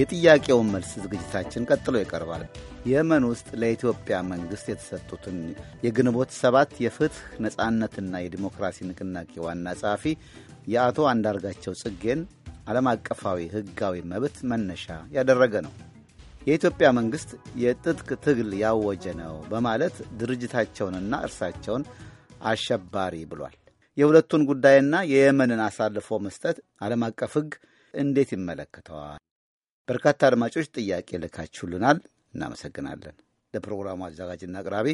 የጥያቄውን መልስ ዝግጅታችን ቀጥሎ ይቀርባል። የመን ውስጥ ለኢትዮጵያ መንግሥት የተሰጡትን የግንቦት ሰባት የፍትሕ ነጻነትና የዲሞክራሲ ንቅናቄ ዋና ጸሐፊ የአቶ አንዳርጋቸው ጽጌን ዓለም አቀፋዊ ሕጋዊ መብት መነሻ ያደረገ ነው። የኢትዮጵያ መንግሥት የትጥቅ ትግል ያወጀ ነው በማለት ድርጅታቸውንና እርሳቸውን አሸባሪ ብሏል። የሁለቱን ጉዳይና የየመንን አሳልፎ መስጠት ዓለም አቀፍ ሕግ እንዴት ይመለከተዋል? በርካታ አድማጮች ጥያቄ ልካችሁልናል። እናመሰግናለን። ለፕሮግራሙ አዘጋጅና አቅራቢ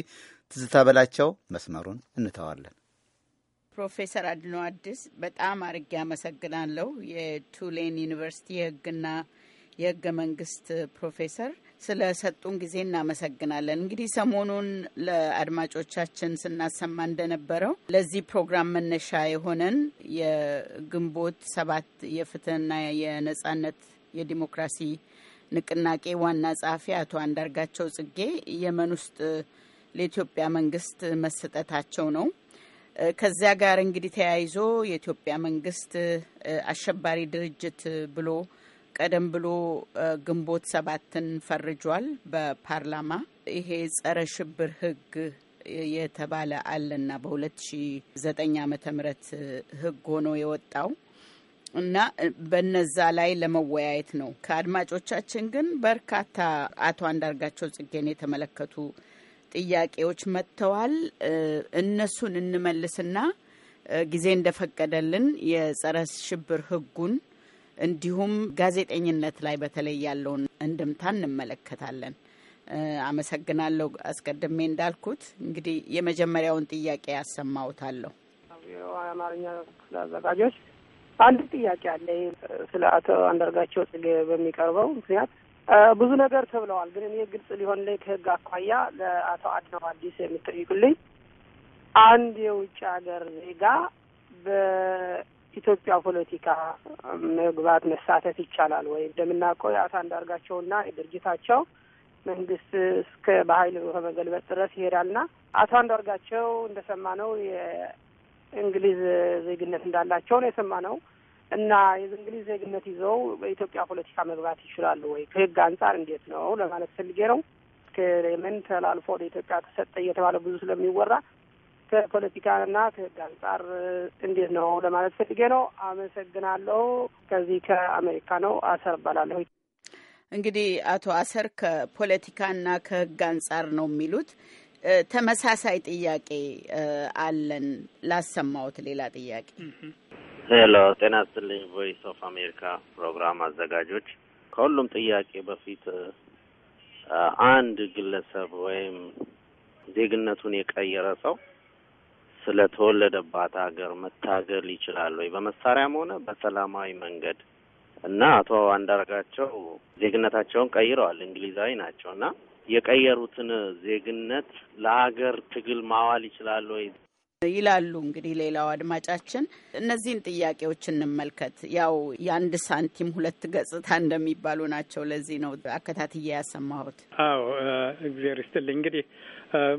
ትዝታ በላቸው መስመሩን እንተዋለን። ፕሮፌሰር አድኖ አዲስ በጣም አርጌ አመሰግናለሁ። የቱሌን ዩኒቨርሲቲ የህግና የህገ መንግስት ፕሮፌሰር ስለ ሰጡን ጊዜ እናመሰግናለን። እንግዲህ ሰሞኑን ለአድማጮቻችን ስናሰማ እንደነበረው ለዚህ ፕሮግራም መነሻ የሆነን የግንቦት ሰባት የፍትህና የነጻነት የዲሞክራሲ ንቅናቄ ዋና ጸሐፊ አቶ አንዳርጋቸው ጽጌ የመን ውስጥ ለኢትዮጵያ መንግስት መሰጠታቸው ነው። ከዚያ ጋር እንግዲህ ተያይዞ የኢትዮጵያ መንግስት አሸባሪ ድርጅት ብሎ ቀደም ብሎ ግንቦት ሰባትን ፈርጇል በፓርላማ ይሄ ጸረ ሽብር ህግ የተባለ አለና በ2009 ዓ.ም ህግ ሆኖ የወጣው እና በነዛ ላይ ለመወያየት ነው። ከአድማጮቻችን ግን በርካታ አቶ አንዳርጋቸው ጽጌን የተመለከቱ ጥያቄዎች መጥተዋል። እነሱን እንመልስና ጊዜ እንደፈቀደልን የጸረ ሽብር ሕጉን እንዲሁም ጋዜጠኝነት ላይ በተለይ ያለውን እንድምታ እንመለከታለን። አመሰግናለሁ። አስቀድሜ እንዳልኩት እንግዲህ የመጀመሪያውን ጥያቄ ያሰማውታለሁ። የአማርኛ ክፍል አዘጋጆች አንድ ጥያቄ አለ ስለ አቶ አንዳርጋቸው ጽጌ በሚቀርበው ምክንያት ብዙ ነገር ተብለዋል። ግን እኔ ግልጽ ላይ ከህግ አኳያ ለአቶ አድነው አዲስ የሚጠይቁልኝ አንድ የውጭ ሀገር ዜጋ በኢትዮጵያ ፖለቲካ መግባት መሳተፍ ይቻላል ወይ? እንደምናውቀው የአቶ አንዳርጋቸውና የድርጅታቸው መንግስት እስከ በሀይል ከመገልበጥ ድረስ ይሄዳልና አቶ አንዳርጋቸው እንደሰማ ነው። እንግሊዝ ዜግነት እንዳላቸው ነው የሰማነው። እና የእንግሊዝ ዜግነት ይዘው በኢትዮጵያ ፖለቲካ መግባት ይችላሉ ወይ? ከህግ አንጻር እንዴት ነው ለማለት ፈልጌ ነው። ከየመን ተላልፎ ወደ ኢትዮጵያ ተሰጠ እየተባለ ብዙ ስለሚወራ ከፖለቲካና ከህግ አንጻር እንዴት ነው ለማለት ፈልጌ ነው። አመሰግናለሁ። ከዚህ ከአሜሪካ ነው አሰር እባላለሁ። እንግዲህ አቶ አሰር ከፖለቲካና ከህግ አንጻር ነው የሚሉት ተመሳሳይ ጥያቄ አለን ላሰማውት ሌላ ጥያቄ። ሄሎ፣ ጤና ይስጥልኝ። ቮይስ ኦፍ አሜሪካ ፕሮግራም አዘጋጆች፣ ከሁሉም ጥያቄ በፊት አንድ ግለሰብ ወይም ዜግነቱን የቀየረ ሰው ተወለደባት ሀገር መታገል ይችላል ወይ በመሳሪያም ሆነ በሰላማዊ መንገድ? እና አቶ አንዳርጋቸው ዜግነታቸውን ቀይረዋል፣ እንግሊዛዊ ናቸው እና የቀየሩትን ዜግነት ለሀገር ትግል ማዋል ይችላሉ ወይ ይላሉ። እንግዲህ ሌላው አድማጫችን እነዚህን ጥያቄዎች እንመልከት። ያው የአንድ ሳንቲም ሁለት ገጽታ እንደሚባሉ ናቸው። ለዚህ ነው አከታትዬ ያሰማሁት። አዎ እግዚአብሔር ይስጥልኝ። እንግዲህ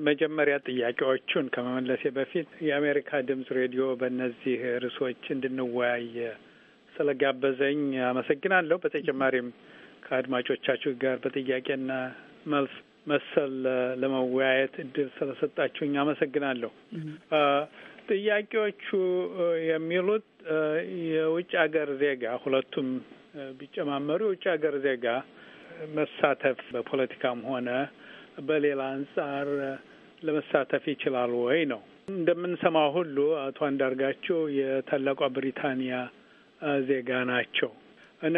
መጀመሪያ ጥያቄዎቹን ከመመለሴ በፊት የአሜሪካ ድምጽ ሬዲዮ በእነዚህ ርዕሶች እንድንወያይ ስለጋበዘኝ አመሰግናለሁ። በተጨማሪም ከአድማጮቻችሁ ጋር በጥያቄና መልስ መሰል ለመወያየት እድል ስለሰጣችሁኝ አመሰግናለሁ። ጥያቄዎቹ የሚሉት የውጭ ሀገር ዜጋ ሁለቱም ቢጨማመሩ የውጭ ሀገር ዜጋ መሳተፍ በፖለቲካም ሆነ በሌላ አንጻር ለመሳተፍ ይችላል ወይ ነው። እንደምንሰማው ሁሉ አቶ አንዳርጋቸው የታላቋ ብሪታንያ ዜጋ ናቸው።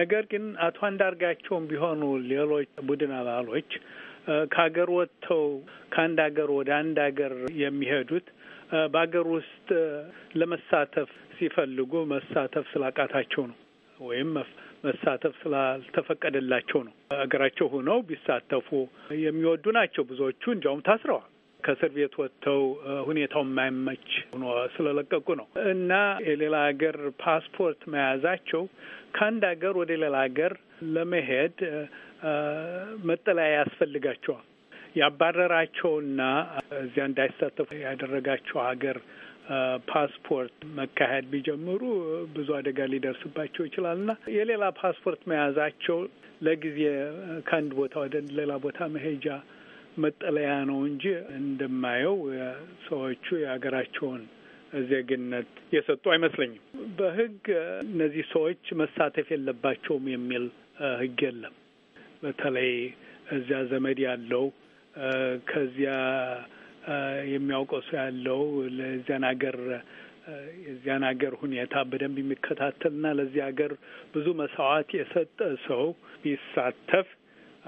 ነገር ግን አቶ አንዳርጋቸውም ቢሆኑ ሌሎች ቡድን አባሎች ከሀገር ወጥተው ከአንድ ሀገር ወደ አንድ ሀገር የሚሄዱት በሀገር ውስጥ ለመሳተፍ ሲፈልጉ መሳተፍ ስላቃታቸው ነው ወይም መሳተፍ ስላልተፈቀደላቸው ነው። ሀገራቸው ሆነው ቢሳተፉ የሚወዱ ናቸው። ብዙዎቹ እንዲያውም ታስረዋል። ከእስር ቤት ወጥተው ሁኔታው የማይመች ሆኖ ስለለቀቁ ነው እና የሌላ ሀገር ፓስፖርት መያዛቸው ከአንድ ሀገር ወደ ሌላ ሀገር ለመሄድ መጠለያ ያስፈልጋቸዋል። ያባረራቸውና እዚያ እንዳይሳተፉ ያደረጋቸው ሀገር ፓስፖርት መካሄድ ቢጀምሩ ብዙ አደጋ ሊደርስባቸው ይችላል እና የሌላ ፓስፖርት መያዛቸው ለጊዜ ከአንድ ቦታ ወደ ሌላ ቦታ መሄጃ መጠለያ ነው እንጂ እንደማየው ሰዎቹ የሀገራቸውን ዜግነት የሰጡ አይመስለኝም። በህግ እነዚህ ሰዎች መሳተፍ የለባቸውም የሚል ህግ የለም። በተለይ እዚያ ዘመድ ያለው ከዚያ የሚያውቀው ሰው ያለው ለዚያን ሀገር የዚያን ሀገር ሁኔታ በደንብ የሚከታተልና ለዚህ ሀገር ብዙ መስዋዕት የሰጠ ሰው ቢሳተፍ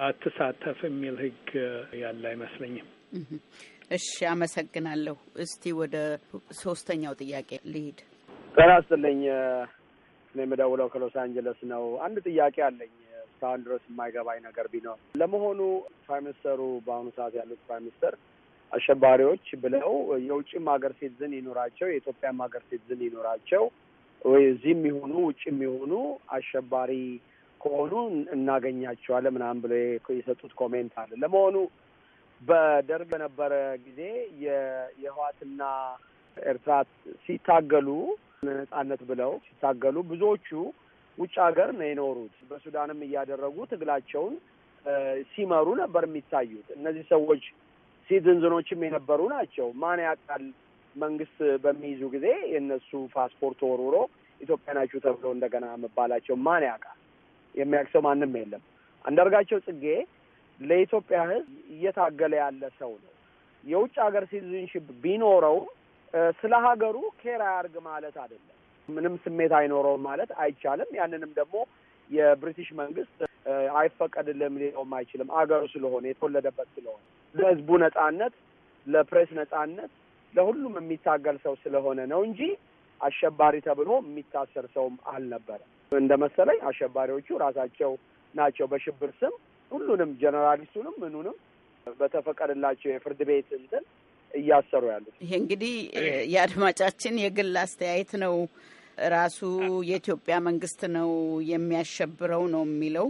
አትሳተፍ የሚል ህግ ያለ አይመስለኝም። እሺ፣ አመሰግናለሁ። እስቲ ወደ ሶስተኛው ጥያቄ ልሂድ። ጤና ይስጥልኝ። እኔ የምደውለው ከሎስ አንጀለስ ነው። አንድ ጥያቄ አለኝ። እስካሁን ድረስ የማይገባኝ ነገር ቢኖር ለመሆኑ ፕራይም ሚኒስተሩ በአሁኑ ሰዓት ያሉት ፕራይም ሚኒስተር አሸባሪዎች ብለው የውጭም ሀገር ሴትዝን ይኖራቸው የኢትዮጵያም ሀገር ሴትዝን ይኖራቸው ወይ እዚህም ይሁኑ ውጭ የሚሆኑ አሸባሪ ከሆኑ እናገኛቸዋለን ምናምን ብሎ የሰጡት ኮሜንት አለ። ለመሆኑ በደርግ በነበረ ጊዜ የህዋትና ኤርትራ ሲታገሉ ነጻነት ብለው ሲታገሉ ብዙዎቹ ውጭ ሀገር ነው የኖሩት። በሱዳንም እያደረጉ ትግላቸውን ሲመሩ ነበር የሚታዩት። እነዚህ ሰዎች ሲቲዝኖችም የነበሩ ናቸው። ማን ያውቃል መንግስት በሚይዙ ጊዜ የእነሱ ፓስፖርት ወርውሮ ኢትዮጵያ ናችሁ ተብሎ እንደገና መባላቸው ማን ያውቃል? የሚያውቅ ሰው ማንም የለም። አንዳርጋቸው ጽጌ ለኢትዮጵያ ሕዝብ እየታገለ ያለ ሰው ነው። የውጭ ሀገር ሲቲዝንሽፕ ቢኖረው ስለ ሀገሩ ኬር አያርግ ማለት አይደለም። ምንም ስሜት አይኖረውም ማለት አይቻልም። ያንንም ደግሞ የብሪቲሽ መንግስት አይፈቀድልም ሊለውም አይችልም። አገሩ ስለሆነ የተወለደበት ስለሆነ ለህዝቡ ነጻነት፣ ለፕሬስ ነጻነት፣ ለሁሉም የሚታገል ሰው ስለሆነ ነው እንጂ አሸባሪ ተብሎ የሚታሰር ሰውም አልነበረም። እንደ መሰለኝ አሸባሪዎቹ ራሳቸው ናቸው በሽብር ስም ሁሉንም ጀነራሊስቱንም ምኑንም በተፈቀደላቸው የፍርድ ቤት እንትን እያሰሩ ያሉት። ይሄ እንግዲህ የአድማጫችን የግል አስተያየት ነው። ራሱ የኢትዮጵያ መንግስት ነው የሚያሸብረው ነው የሚለው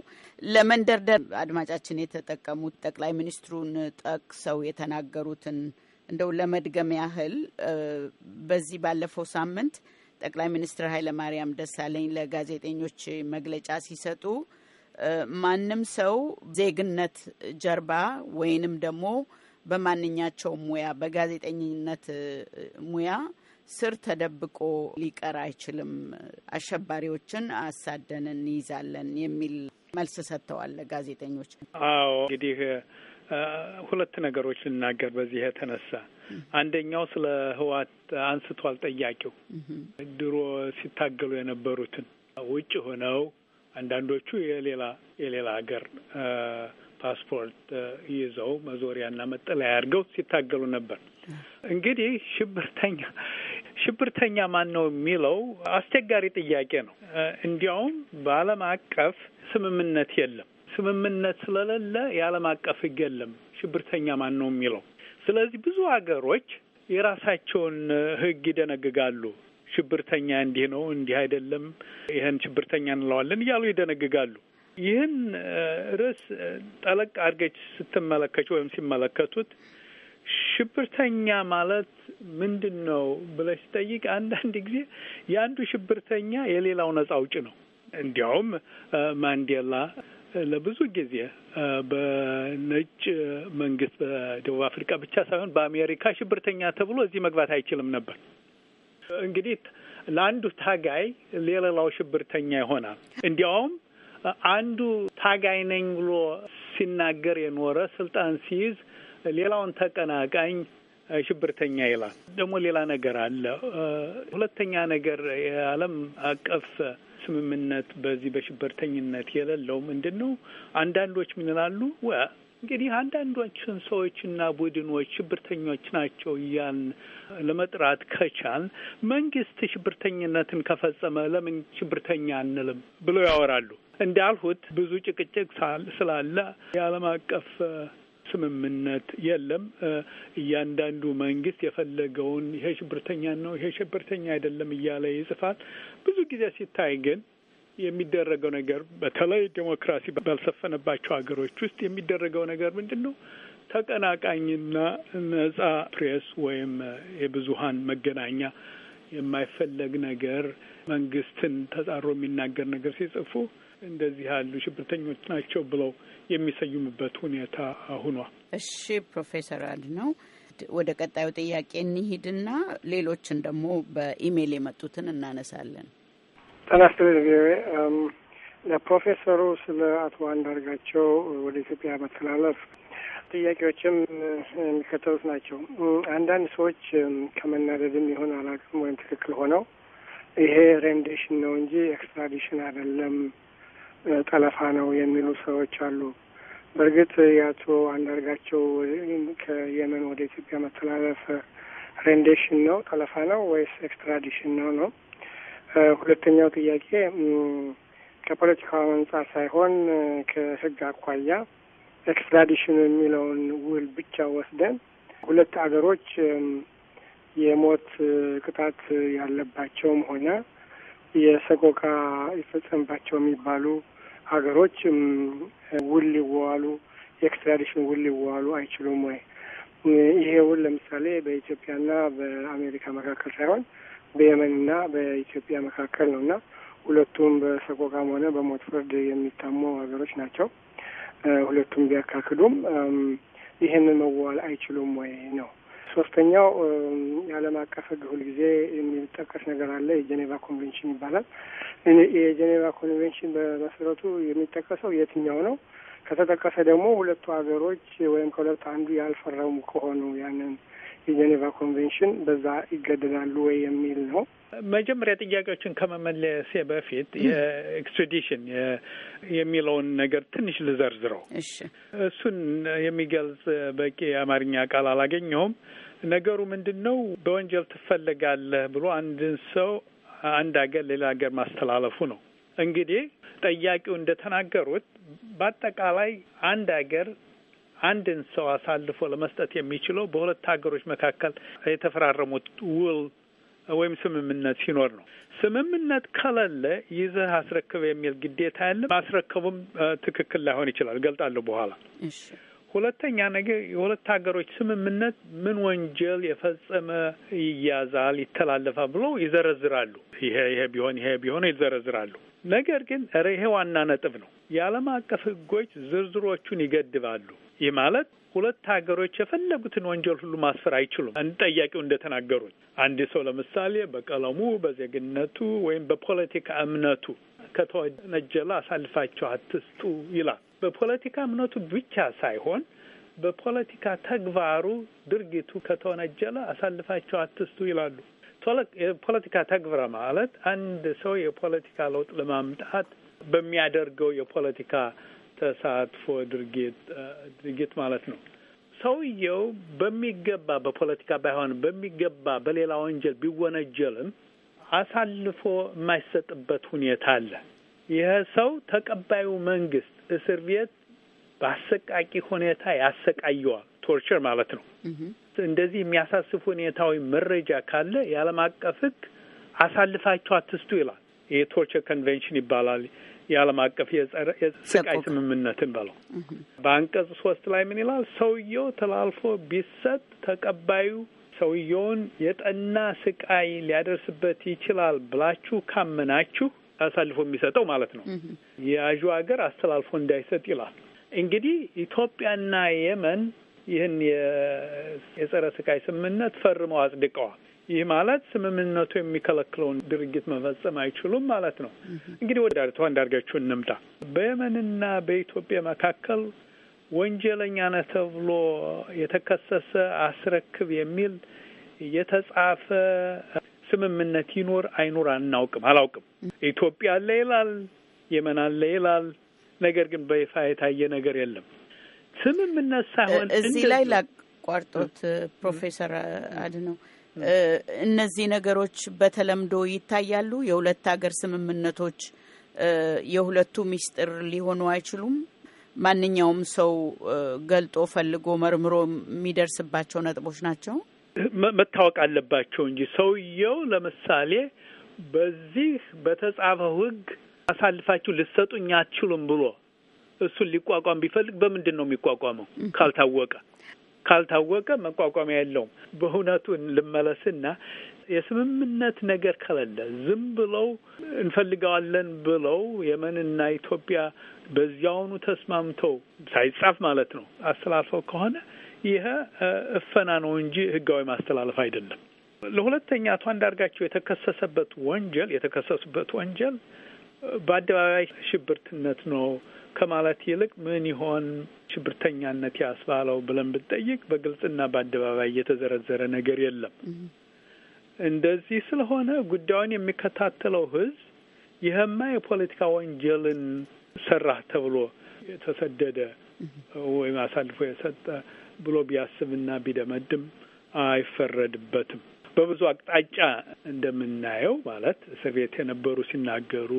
ለመንደርደር አድማጫችን የተጠቀሙት ጠቅላይ ሚኒስትሩን ጠቅሰው የተናገሩትን እንደው ለመድገም ያህል በዚህ ባለፈው ሳምንት ጠቅላይ ሚኒስትር ኃይለማርያም ደሳለኝ ለጋዜጠኞች መግለጫ ሲሰጡ ማንም ሰው ዜግነት ጀርባ ወይንም ደግሞ በማንኛቸው ሙያ በጋዜጠኝነት ሙያ ስር ተደብቆ ሊቀር አይችልም፣ አሸባሪዎችን አሳደን እንይዛለን የሚል መልስ ሰጥተዋል ጋዜጠኞች አዎ እንግዲህ ሁለት ነገሮች ልናገር በዚህ የተነሳ አንደኛው ስለ ህዋት አንስቷል ጠያቂው ድሮ ሲታገሉ የነበሩትን ውጭ ሆነው አንዳንዶቹ የሌላ የሌላ ሀገር ፓስፖርት ይዘው መዞሪያና መጠለያ አድርገው ሲታገሉ ነበር። እንግዲህ ሽብርተኛ ሽብርተኛ ማን ነው የሚለው አስቸጋሪ ጥያቄ ነው። እንዲያውም በዓለም አቀፍ ስምምነት የለም። ስምምነት ስለሌለ የዓለም አቀፍ ሕግ የለም ሽብርተኛ ማን ነው የሚለው። ስለዚህ ብዙ ሀገሮች የራሳቸውን ሕግ ይደነግጋሉ። ሽብርተኛ እንዲህ ነው፣ እንዲህ አይደለም፣ ይህን ሽብርተኛ እንለዋለን እያሉ ይደነግጋሉ። ይህን ርዕስ ጠለቅ አድርገች ስትመለከች ወይም ሲመለከቱት ሽብርተኛ ማለት ምንድን ነው ብለሽ ጠይቅ። አንዳንድ ጊዜ የአንዱ ሽብርተኛ የሌላው ነጻ አውጭ ነው። እንዲያውም ማንዴላ ለብዙ ጊዜ በነጭ መንግስት በደቡብ አፍሪካ ብቻ ሳይሆን በአሜሪካ ሽብርተኛ ተብሎ እዚህ መግባት አይችልም ነበር። እንግዲህ ለአንዱ ታጋይ ሌላው ሽብርተኛ ይሆናል። እንዲያውም አንዱ ታጋይ ነኝ ብሎ ሲናገር የኖረ ስልጣን ሲይዝ ሌላውን ተቀናቃኝ ሽብርተኛ ይላል። ደግሞ ሌላ ነገር አለ። ሁለተኛ ነገር የዓለም አቀፍ ስምምነት በዚህ በሽብርተኝነት የሌለው ምንድን ነው? አንዳንዶች ምን ይላሉ? እንግዲህ አንዳንዶችን ሰዎችና ቡድኖች ሽብርተኞች ናቸው እያልን ለመጥራት ከቻል መንግስት ሽብርተኝነትን ከፈጸመ ለምን ሽብርተኛ አንልም ብለው ያወራሉ። እንዳልሁት ብዙ ጭቅጭቅ ስላለ የዓለም አቀፍ ስምምነት የለም። እያንዳንዱ መንግስት የፈለገውን ይሄ ሽብርተኛ ነው፣ ይሄ ሽብርተኛ አይደለም እያለ ይጽፋል። ብዙ ጊዜ ሲታይ ግን የሚደረገው ነገር በተለይ ዴሞክራሲ ባልሰፈነባቸው ሀገሮች ውስጥ የሚደረገው ነገር ምንድን ነው? ተቀናቃኝና ነጻ ፕሬስ ወይም የብዙሀን መገናኛ የማይፈለግ ነገር መንግስትን ተጻሮ የሚናገር ነገር ሲጽፉ እንደዚህ ያሉ ሽብርተኞች ናቸው ብለው የሚሰይሙበት ሁኔታ ሁኗል። እሺ ፕሮፌሰር አድነው ወደ ቀጣዩ ጥያቄ እንሂድና ሌሎችን ደግሞ በኢሜይል የመጡትን እናነሳለን። ጤና ቪኦኤ ለፕሮፌሰሩ ስለ አቶ አንዳርጋቸው ወደ ኢትዮጵያ መተላለፍ ጥያቄዎችም የሚከተሉት ናቸው። አንዳንድ ሰዎች ከመናደድም ይሆን አላውቅም፣ ወይም ትክክል ሆነው ይሄ ሬንዴሽን ነው እንጂ ኤክስትራዲሽን አይደለም ጠለፋ ነው የሚሉ ሰዎች አሉ። በእርግጥ የአቶ አንዳርጋቸው ከየመን ወደ ኢትዮጵያ መተላለፍ ሬንዴሽን ነው ጠለፋ ነው ወይስ ኤክስትራዲሽን ነው ነው? ሁለተኛው ጥያቄ ከፖለቲካው አንጻር ሳይሆን ከህግ አኳያ ኤክስትራዲሽን የሚለውን ውል ብቻ ወስደን ሁለት አገሮች የሞት ቅጣት ያለባቸውም ሆነ የሰቆቃ ይፈጸምባቸው የሚባሉ ሀገሮች ውል ሊዋሉ የኤክስትራዲሽን ውል ሊዋሉ አይችሉም ወይ? ይሄ ውል ለምሳሌ በኢትዮጵያና በአሜሪካ መካከል ሳይሆን በየመንና በኢትዮጵያ መካከል ነው እና ሁለቱም በሰቆቃም ሆነ በሞት ፍርድ የሚታሙ ሀገሮች ናቸው። ሁለቱም ቢያካክዱም ይህንን መዋዋል አይችሉም ወይ ነው ሶስተኛው የዓለም አቀፍ ህግ ሁልጊዜ የሚጠቀስ ነገር አለ። የጄኔቫ ኮንቬንሽን ይባላል። የጄኔቫ ኮንቬንሽን በመሰረቱ የሚጠቀሰው የትኛው ነው? ከተጠቀሰ ደግሞ ሁለቱ ሀገሮች ወይም ከሁለቱ አንዱ ያልፈረሙ ከሆኑ ያንን የጄኔቫ ኮንቬንሽን በዛ ይገደዳሉ ወይ የሚል ነው። መጀመሪያ ጥያቄዎችን ከመመለሴ በፊት የኤክስትራዲሽን የሚለውን ነገር ትንሽ ልዘርዝረው። እሱን የሚገልጽ በቂ የአማርኛ ቃል አላገኘሁም። ነገሩ ምንድን ነው? በወንጀል ትፈለጋለህ ብሎ አንድን ሰው አንድ ሀገር ሌላ ሀገር ማስተላለፉ ነው። እንግዲህ ጠያቂው እንደተናገሩት በአጠቃላይ አንድ ሀገር አንድን ሰው አሳልፎ ለመስጠት የሚችለው በሁለት ሀገሮች መካከል የተፈራረሙት ውል ወይም ስምምነት ሲኖር ነው። ስምምነት ከሌለ ይዘህ አስረክብ የሚል ግዴታ ያለ ማስረከቡም ትክክል ላይሆን ይችላል። ገልጣለሁ በኋላ ሁለተኛ ነገር የሁለት ሀገሮች ስምምነት ምን ወንጀል የፈጸመ ይያዛል፣ ይተላለፋል ብሎ ይዘረዝራሉ። ይሄ ይሄ ቢሆን ይሄ ቢሆን ይዘረዝራሉ። ነገር ግን ኧረ ይሄ ዋና ነጥብ ነው። የዓለም አቀፍ ህጎች ዝርዝሮቹን ይገድባሉ። ይህ ማለት ሁለት ሀገሮች የፈለጉትን ወንጀል ሁሉ ማስፈር አይችሉም። ጠያቂው እንደተናገሩት አንድ ሰው ለምሳሌ በቀለሙ፣ በዜግነቱ ወይም በፖለቲካ እምነቱ ከተወነጀለ አሳልፋቸው አትስጡ ይላል። በፖለቲካ እምነቱ ብቻ ሳይሆን በፖለቲካ ተግባሩ ድርጊቱ ከተወነጀለ አሳልፋቸው አትስጡ ይላሉ። የፖለቲካ ተግብረ ማለት አንድ ሰው የፖለቲካ ለውጥ ለማምጣት በሚያደርገው የፖለቲካ ተሳትፎ ድርጊት ድርጊት ማለት ነው። ሰውየው በሚገባ በፖለቲካ ባይሆን በሚገባ በሌላ ወንጀል ቢወነጀልም አሳልፎ የማይሰጥበት ሁኔታ አለ። ይህ ሰው ተቀባዩ መንግስት እስር ቤት በአሰቃቂ ሁኔታ ያሰቃየዋል። ቶርቸር ማለት ነው። እንደዚህ የሚያሳስብ ሁኔታዊ መረጃ ካለ የዓለም አቀፍ ህግ አሳልፋችሁ አትስጡ ይላል። የቶርቸር ኮንቬንሽን ይባላል። የዓለም አቀፍ የስቃይ ስምምነትን በለው በአንቀጽ ሶስት ላይ ምን ይላል? ሰውየው ተላልፎ ቢሰጥ ተቀባዩ ሰውየውን የጠና ስቃይ ሊያደርስበት ይችላል ብላችሁ ካመናችሁ አሳልፎ የሚሰጠው ማለት ነው። የያዡ ሀገር አስተላልፎ እንዳይሰጥ ይላል። እንግዲህ ኢትዮጵያና የመን ይህን የጸረ ስቃይ ስምምነት ፈርመው አጽድቀዋል። ይህ ማለት ስምምነቱ የሚከለክለውን ድርጊት መፈጸም አይችሉም ማለት ነው። እንግዲህ ወደ ዳርቷ እንዳርጋችሁ እንምጣ። በየመንና በኢትዮጵያ መካከል ወንጀለኛ ነህ ተብሎ የተከሰሰ አስረክብ የሚል የተጻፈ ስምምነት ይኖር አይኖር አናውቅም፣ አላውቅም። ኢትዮጵያ አለ ይላል፣ የመን አለ ይላል። ነገር ግን በይፋ የታየ ነገር የለም። ስምምነት ሳይሆን እዚህ ላይ ላቋርጦት ፕሮፌሰር አድነው እነዚህ ነገሮች በተለምዶ ይታያሉ። የሁለት ሀገር ስምምነቶች የሁለቱ ሚስጥር ሊሆኑ አይችሉም። ማንኛውም ሰው ገልጦ ፈልጎ መርምሮ የሚደርስባቸው ነጥቦች ናቸው መታወቅ አለባቸው እንጂ ሰውየው ለምሳሌ በዚህ በተጻፈው ሕግ አሳልፋችሁ ልትሰጡኝ አትችሉም ብሎ እሱን ሊቋቋም ቢፈልግ በምንድን ነው የሚቋቋመው? ካልታወቀ ካልታወቀ መቋቋሚያ የለውም። በእውነቱ ልመለስና የስምምነት ነገር ከሌለ ዝም ብለው እንፈልገዋለን ብለው የመንና ኢትዮጵያ በዚያውኑ ተስማምተው ሳይጻፍ ማለት ነው አስተላልፈው ከሆነ ይህ እፈና ነው እንጂ ህጋዊ ማስተላለፍ አይደለም። ለሁለተኛ አቶ አንዳርጋቸው የተከሰሰበት ወንጀል የተከሰሱበት ወንጀል በአደባባይ ሽብርትነት ነው ከማለት ይልቅ ምን ይሆን ሽብርተኛነት ያስባለው ብለን ብጠይቅ በግልጽና በአደባባይ የተዘረዘረ ነገር የለም። እንደዚህ ስለሆነ ጉዳዩን የሚከታተለው ህዝብ ይህማ የፖለቲካ ወንጀልን ሰራህ ተብሎ የተሰደደ ወይም አሳልፎ የሰጠ ብሎ ቢያስብና ቢደመድም አይፈረድበትም። በብዙ አቅጣጫ እንደምናየው ማለት እስር ቤት የነበሩ ሲናገሩ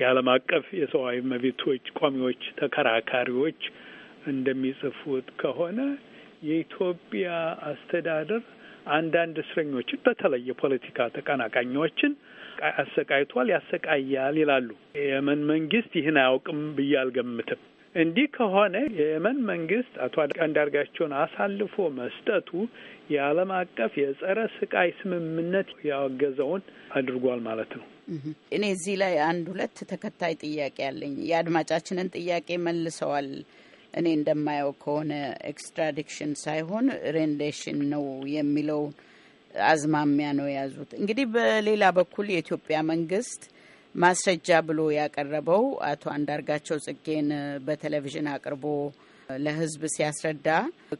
የዓለም አቀፍ የሰብአዊ መብቶች ቋሚዎች፣ ተከራካሪዎች እንደሚጽፉት ከሆነ የኢትዮጵያ አስተዳደር አንዳንድ እስረኞችን በተለይ የፖለቲካ ተቀናቃኞችን አሰቃይቷል፣ ያሰቃያል ይላሉ። የመን መንግስት ይህን አያውቅም ብዬ አልገምትም። እንዲህ ከሆነ የየመን መንግስት አቶ አንዳርጋቸውን አሳልፎ መስጠቱ የዓለም አቀፍ የጸረ ስቃይ ስምምነት ያወገዘውን አድርጓል ማለት ነው። እኔ እዚህ ላይ አንድ ሁለት ተከታይ ጥያቄ አለኝ። የአድማጫችንን ጥያቄ መልሰዋል። እኔ እንደማየው ከሆነ ኤክስትራዲክሽን ሳይሆን ሬንዴሽን ነው የሚለው አዝማሚያ ነው የያዙት። እንግዲህ በሌላ በኩል የኢትዮጵያ መንግስት ማስረጃ ብሎ ያቀረበው አቶ አንዳርጋቸው ጽጌን በቴሌቪዥን አቅርቦ ለህዝብ ሲያስረዳ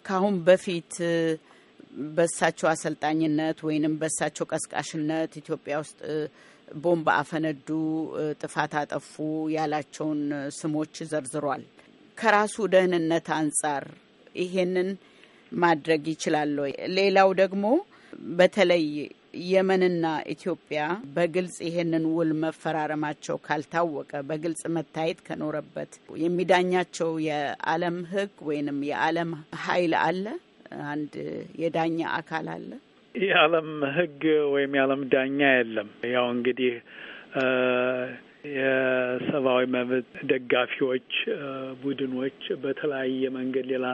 ካሁን በፊት በሳቸው አሰልጣኝነት ወይንም በሳቸው ቀስቃሽነት ኢትዮጵያ ውስጥ ቦምብ አፈነዱ፣ ጥፋት አጠፉ ያላቸውን ስሞች ዘርዝሯል። ከራሱ ደህንነት አንጻር ይሄንን ማድረግ ይችላል ወይ? ሌላው ደግሞ በተለይ የመንና ኢትዮጵያ በግልጽ ይሄንን ውል መፈራረማቸው ካልታወቀ በግልጽ መታየት ከኖረበት የሚዳኛቸው የዓለም ሕግ ወይንም የዓለም ኃይል አለ። አንድ የዳኛ አካል አለ። የዓለም ሕግ ወይም የዓለም ዳኛ የለም። ያው እንግዲህ የሰብአዊ መብት ደጋፊዎች ቡድኖች በተለያየ መንገድ ሌላ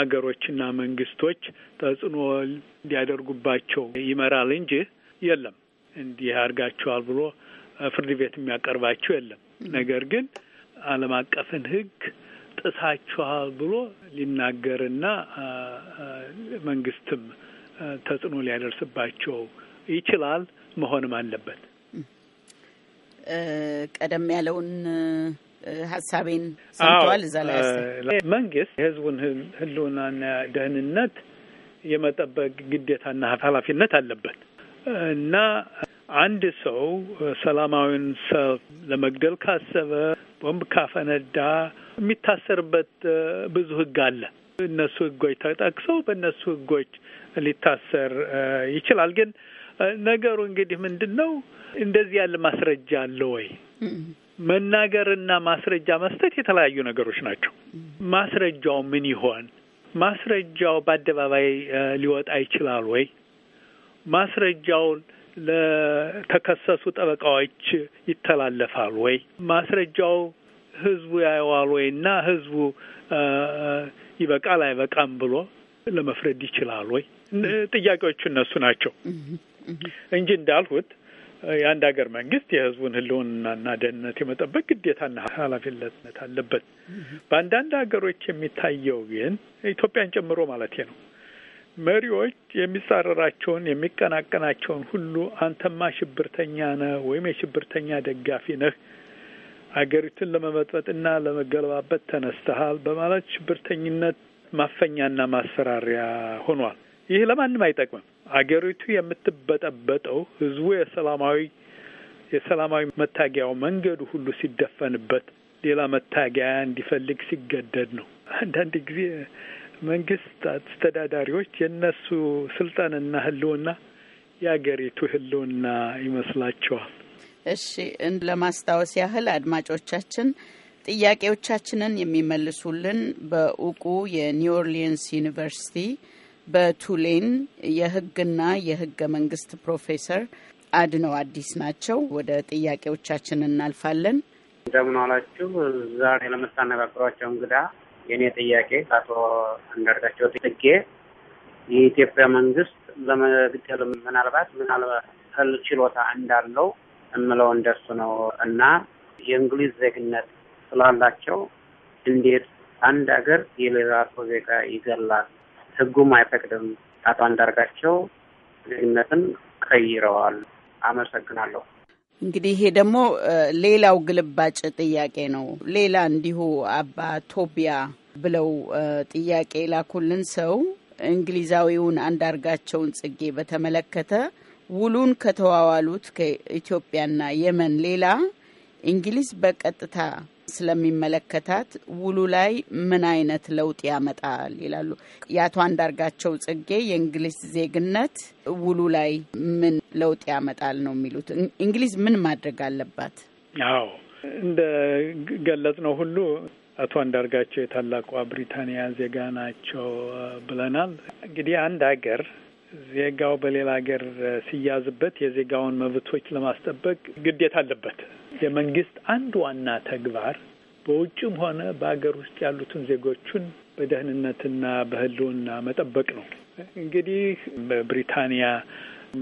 አገሮችና መንግስቶች ተጽዕኖ ሊያደርጉባቸው ይመራል እንጂ የለም እንዲህ አድርጋችኋል ብሎ ፍርድ ቤት የሚያቀርባቸው የለም። ነገር ግን ዓለም አቀፍን ሕግ ጥሳችኋል ብሎ ሊናገርና መንግስትም ተጽዕኖ ሊያደርስባቸው ይችላል፣ መሆንም አለበት። ቀደም ያለውን ሀሳቤን ሰምተዋል። እዛ ላይ መንግስት የህዝቡን ህልውናና ደህንነት የመጠበቅ ግዴታና ኃላፊነት አለበት እና አንድ ሰው ሰላማዊውን ሰልፍ ለመግደል ካሰበ፣ ቦምብ ካፈነዳ የሚታሰርበት ብዙ ህግ አለ። እነሱ ህጎች ተጠቅሰው በእነሱ ህጎች ሊታሰር ይችላል። ግን ነገሩ እንግዲህ ምንድን ነው? እንደዚህ ያለ ማስረጃ አለ ወይ? መናገርና ማስረጃ መስጠት የተለያዩ ነገሮች ናቸው። ማስረጃው ምን ይሆን? ማስረጃው በአደባባይ ሊወጣ ይችላል ወይ? ማስረጃውን ለተከሰሱ ጠበቃዎች ይተላለፋል ወይ? ማስረጃው ህዝቡ ያየዋል ወይ? እና ህዝቡ ይበቃል አይበቃም ብሎ ለመፍረድ ይችላል ወይ? ጥያቄዎቹ እነሱ ናቸው እንጂ እንዳልሁት የአንድ ሀገር መንግስት የህዝቡን ህልውናና ደህንነት የመጠበቅ ግዴታና ኃላፊነት አለበት። በአንዳንድ ሀገሮች የሚታየው ግን ኢትዮጵያን ጨምሮ ማለት ነው መሪዎች የሚጻረራቸውን የሚቀናቀናቸውን ሁሉ አንተማ ሽብርተኛ ነህ ወይም የሽብርተኛ ደጋፊ ነህ፣ አገሪቱን ለመበጥበጥና ለመገለባበት ተነስተሃል በማለት ሽብርተኝነት ማፈኛና ማሰራሪያ ሆኗል። ይህ ለማንም አይጠቅምም። አገሪቱ የምትበጠበጠው ህዝቡ የሰላማዊ የሰላማዊ መታገያው መንገዱ ሁሉ ሲደፈንበት ሌላ መታገያ እንዲፈልግ ሲገደድ ነው። አንዳንድ ጊዜ መንግስት አስተዳዳሪዎች የእነሱ ስልጣንና ህልውና የአገሪቱ ህልውና ይመስላቸዋል። እሺ ለማስታወስ ያህል አድማጮቻችን ጥያቄዎቻችንን የሚመልሱልን በእውቁ የኒው ኦርሊንስ ዩኒቨርሲቲ በቱሌን የህግና የህገ መንግስት ፕሮፌሰር አድነው አዲስ ናቸው። ወደ ጥያቄዎቻችን እናልፋለን። እንደምን አላችሁ። ዛሬ ለምታነጋግሯቸው እንግዳ የእኔ ጥያቄ ከአቶ አንዳርጋቸው ጽጌ የኢትዮጵያ መንግስት ለመግደል ምናልባት ምናልባት ችሎታ እንዳለው እምለው እንደሱ ነው እና የእንግሊዝ ዜግነት ስላላቸው እንዴት አንድ ሀገር የሌላ ዜጋ ይገላል? ህጉም አይፈቅድም። አቶ አንዳርጋቸው ልዩነትን ቀይረዋል። አመሰግናለሁ። እንግዲህ ይሄ ደግሞ ሌላው ግልባጭ ጥያቄ ነው። ሌላ እንዲሁ አባ ቶቢያ ብለው ጥያቄ ላኩልን ሰው እንግሊዛዊውን አንዳርጋቸውን ጽጌ በተመለከተ ውሉን ከተዋዋሉት ከኢትዮጵያና የመን ሌላ እንግሊዝ በቀጥታ ስለሚመለከታት ውሉ ላይ ምን አይነት ለውጥ ያመጣል ይላሉ። የአቶ አንዳርጋቸው ጽጌ የእንግሊዝ ዜግነት ውሉ ላይ ምን ለውጥ ያመጣል ነው የሚሉት። እንግሊዝ ምን ማድረግ አለባት? አዎ እንደ ገለጽ ነው ሁሉ አቶ አንዳርጋቸው የታላቋ ብሪታንያ ዜጋ ናቸው ብለናል። እንግዲህ አንድ ሀገር ዜጋው በሌላ ሀገር ሲያዝበት የዜጋውን መብቶች ለማስጠበቅ ግዴታ አለበት። የመንግስት አንድ ዋና ተግባር በውጭም ሆነ በሀገር ውስጥ ያሉትን ዜጎቹን በደህንነትና በህልውና መጠበቅ ነው። እንግዲህ በብሪታንያ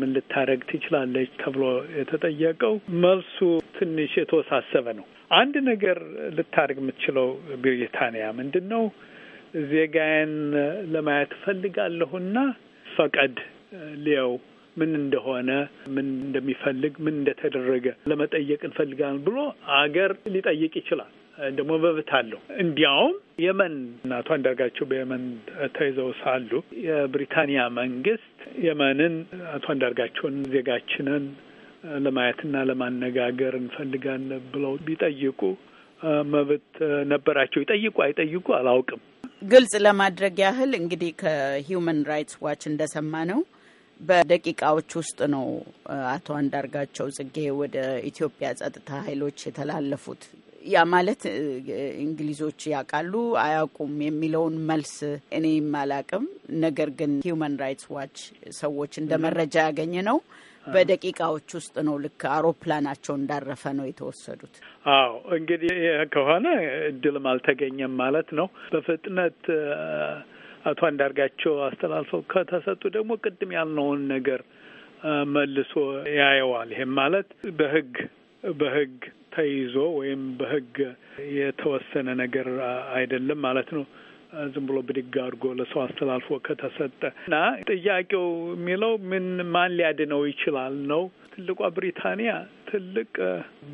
ምን ልታደረግ ትችላለች ተብሎ የተጠየቀው መልሱ ትንሽ የተወሳሰበ ነው። አንድ ነገር ልታደርግ የምትችለው ብሪታንያ ምንድን ነው? ዜጋዬን ለማየት እፈልጋለሁና ፈቀድ ሊያው ምን እንደሆነ ምን እንደሚፈልግ ምን እንደተደረገ ለመጠየቅ እንፈልጋለን ብሎ አገር ሊጠይቅ ይችላል። ደግሞ መብት አለው። እንዲያውም የመን እናቱ አንዳርጋቸው በየመን ተይዘው ሳሉ የብሪታንያ መንግስት የመንን አቶ አንዳርጋቸውን ዜጋችንን ለማየትና ለማነጋገር እንፈልጋለን ብለው ቢጠይቁ መብት ነበራቸው። ይጠይቁ አይጠይቁ አላውቅም። ግልጽ ለማድረግ ያህል እንግዲህ ከሂዩማን ራይትስ ዋች እንደሰማ ነው በደቂቃዎች ውስጥ ነው አቶ አንዳርጋቸው ጽጌ ወደ ኢትዮጵያ ጸጥታ ኃይሎች የተላለፉት። ያ ማለት እንግሊዞች ያውቃሉ አያውቁም የሚለውን መልስ እኔም አላውቅም። ነገር ግን ሂውማን ራይትስ ዋች ሰዎች እንደ መረጃ ያገኘ ነው በደቂቃዎች ውስጥ ነው። ልክ አውሮፕላናቸው እንዳረፈ ነው የተወሰዱት። አዎ እንግዲህ ከሆነ እድልም አልተገኘም ማለት ነው። በፍጥነት አቶ አንዳርጋቸው አስተላልፈው ከተሰጡ ደግሞ ቅድም ያልነውን ነገር መልሶ ያየዋል። ይህም ማለት በህግ በህግ ተይዞ ወይም በህግ የተወሰነ ነገር አይደለም ማለት ነው። ዝም ብሎ ብድግ አድርጎ ለሰው አስተላልፎ ከተሰጠ እና ጥያቄው የሚለው ምን ማን ሊያድነው ይችላል ነው። ትልቋ ብሪታንያ ትልቅ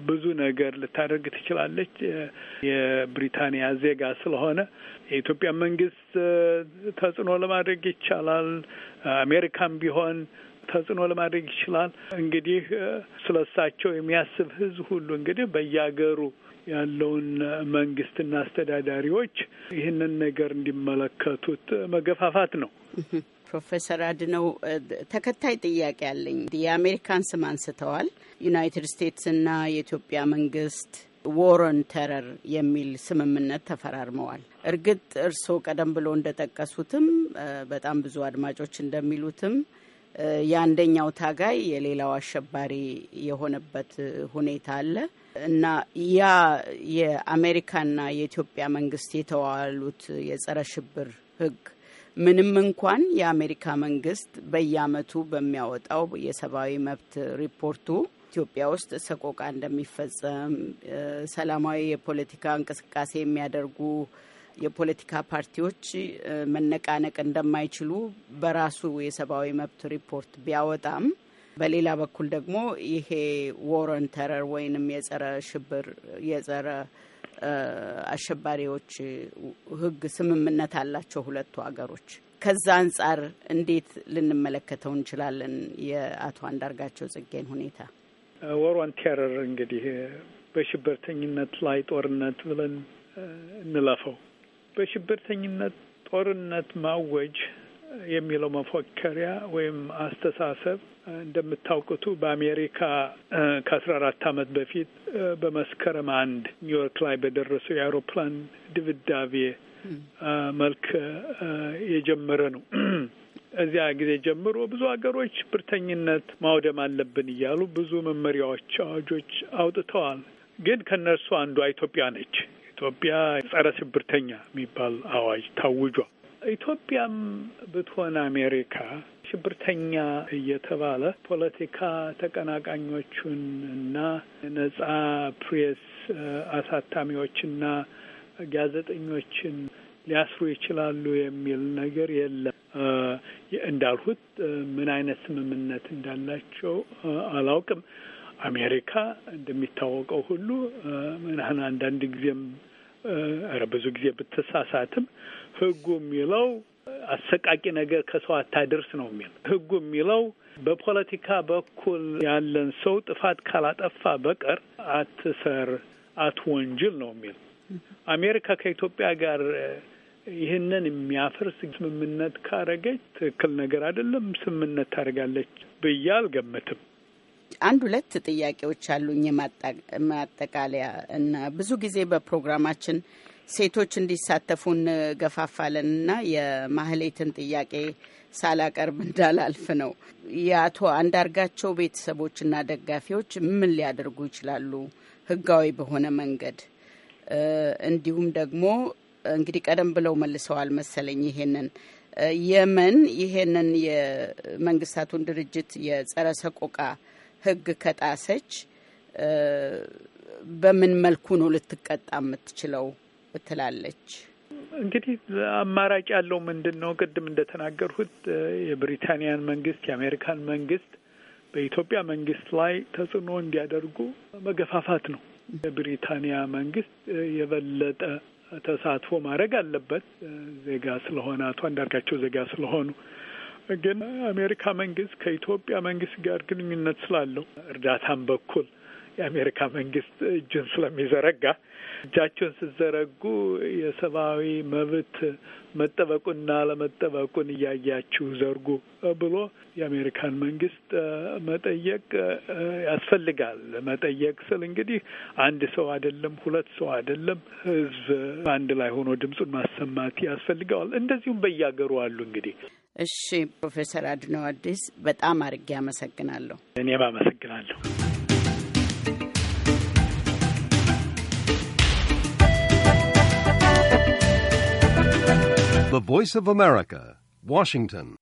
ብዙ ነገር ልታደርግ ትችላለች። የብሪታንያ ዜጋ ስለሆነ የኢትዮጵያ መንግስት ተጽዕኖ ለማድረግ ይቻላል። አሜሪካም ቢሆን ተጽዕኖ ለማድረግ ይችላል። እንግዲህ ስለሳቸው የሚያስብ ህዝብ ሁሉ እንግዲህ በየሀገሩ ያለውን መንግስትና አስተዳዳሪዎች ይህንን ነገር እንዲመለከቱት መገፋፋት ነው። ፕሮፌሰር አድነው ተከታይ ጥያቄ አለኝ። የአሜሪካን ስም አንስተዋል። ዩናይትድ ስቴትስና የኢትዮጵያ መንግስት ዎረን ተረር የሚል ስምምነት ተፈራርመዋል። እርግጥ እርስዎ ቀደም ብሎ እንደጠቀሱትም በጣም ብዙ አድማጮች እንደሚሉትም የአንደኛው ታጋይ የሌላው አሸባሪ የሆነበት ሁኔታ አለ። እና ያ የአሜሪካና የኢትዮጵያ መንግስት የተዋሉት የጸረ ሽብር ህግ ምንም እንኳን የአሜሪካ መንግስት በየአመቱ በሚያወጣው የሰብአዊ መብት ሪፖርቱ ኢትዮጵያ ውስጥ ሰቆቃ እንደሚፈጸም ሰላማዊ የፖለቲካ እንቅስቃሴ የሚያደርጉ የፖለቲካ ፓርቲዎች መነቃነቅ እንደማይችሉ በራሱ የሰብአዊ መብት ሪፖርት ቢያወጣም በሌላ በኩል ደግሞ ይሄ ወረን ተረር ወይንም የጸረ ሽብር የጸረ አሸባሪዎች ህግ ስምምነት አላቸው ሁለቱ ሀገሮች። ከዛ አንጻር እንዴት ልንመለከተው እንችላለን? የአቶ አንዳርጋቸው ጽጌን ሁኔታ ወሮን ቴረር እንግዲህ በሽብርተኝነት ላይ ጦርነት ብለን እንለፈው። በሽብርተኝነት ጦርነት ማወጅ የሚለው መፎከሪያ ወይም አስተሳሰብ እንደምታውቁቱ በአሜሪካ ከአስራ አራት አመት በፊት በመስከረም አንድ ኒውዮርክ ላይ በደረሰው የአውሮፕላን ድብዳቤ መልክ የጀመረ ነው። እዚያ ጊዜ ጀምሮ ብዙ ሀገሮች ብርተኝነት ማውደም አለብን እያሉ ብዙ መመሪያዎች፣ አዋጆች አውጥተዋል። ግን ከእነርሱ አንዷ ኢትዮጵያ ነች። ኢትዮጵያ ጸረ ሽብርተኛ የሚባል አዋጅ ታውጇል። ኢትዮጵያም ብትሆን አሜሪካ ሽብርተኛ እየተባለ ፖለቲካ ተቀናቃኞቹን እና ነጻ ፕሬስ አሳታሚዎችና ጋዜጠኞችን ሊያስሩ ይችላሉ የሚል ነገር የለም። እንዳልሁት ምን አይነት ስምምነት እንዳላቸው አላውቅም። አሜሪካ እንደሚታወቀው ሁሉ ምናህን አንዳንድ ጊዜም ኧረ ብዙ ጊዜ ብትሳሳትም ህጉ የሚለው አሰቃቂ ነገር ከሰው አታድርስ ነው የሚል ህጉ የሚለው በፖለቲካ በኩል ያለን ሰው ጥፋት ካላጠፋ በቀር አትሰር፣ አትወንጅል ነው የሚል አሜሪካ ከኢትዮጵያ ጋር ይህንን የሚያፈርስ ስምምነት ካረገች ትክክል ነገር አይደለም። ስምምነት ታደርጋለች ብዬ አልገምትም። አንድ ሁለት ጥያቄዎች አሉኝ ማጠቃለያ እና ብዙ ጊዜ በፕሮግራማችን ሴቶች እንዲሳተፉ እንገፋፋለን እና የማህሌትን ጥያቄ ሳላቀርብ እንዳላልፍ ነው። የአቶ አንዳርጋቸው ቤተሰቦችና ደጋፊዎች ምን ሊያደርጉ ይችላሉ? ህጋዊ በሆነ መንገድ እንዲሁም ደግሞ እንግዲህ ቀደም ብለው መልሰዋል መሰለኝ ይሄንን የመን ይሄንን የመንግስታቱን ድርጅት የጸረ ሰቆቃ ህግ ከጣሰች በምን መልኩ ነው ልትቀጣ የምትችለው? ትላለች? እንግዲህ አማራጭ ያለው ምንድን ነው? ቅድም እንደተናገርሁት የብሪታንያን መንግስት፣ የአሜሪካን መንግስት በኢትዮጵያ መንግስት ላይ ተጽዕኖ እንዲያደርጉ መገፋፋት ነው። የብሪታንያ መንግስት የበለጠ ተሳትፎ ማድረግ አለበት፣ ዜጋ ስለሆነ አቶ አንዳርጋቸው ዜጋ ስለሆኑ። ግን አሜሪካ መንግስት ከኢትዮጵያ መንግስት ጋር ግንኙነት ስላለው እርዳታም በኩል የአሜሪካ መንግስት እጁን ስለሚዘረጋ እጃቸውን ስዘረጉ የሰብአዊ መብት መጠበቁና ለመጠበቁን እያያችሁ ዘርጉ ብሎ የአሜሪካን መንግስት መጠየቅ ያስፈልጋል። መጠየቅ ስል እንግዲህ አንድ ሰው አይደለም፣ ሁለት ሰው አይደለም፣ ህዝብ አንድ ላይ ሆኖ ድምፁን ማሰማት ያስፈልገዋል። እንደዚሁም በያገሩ አሉ እንግዲህ እሺ ፕሮፌሰር አድነው አዲስ በጣም አድርጌ አመሰግናለሁ። እኔም አመሰግናለሁ። The Voice of America, Washington.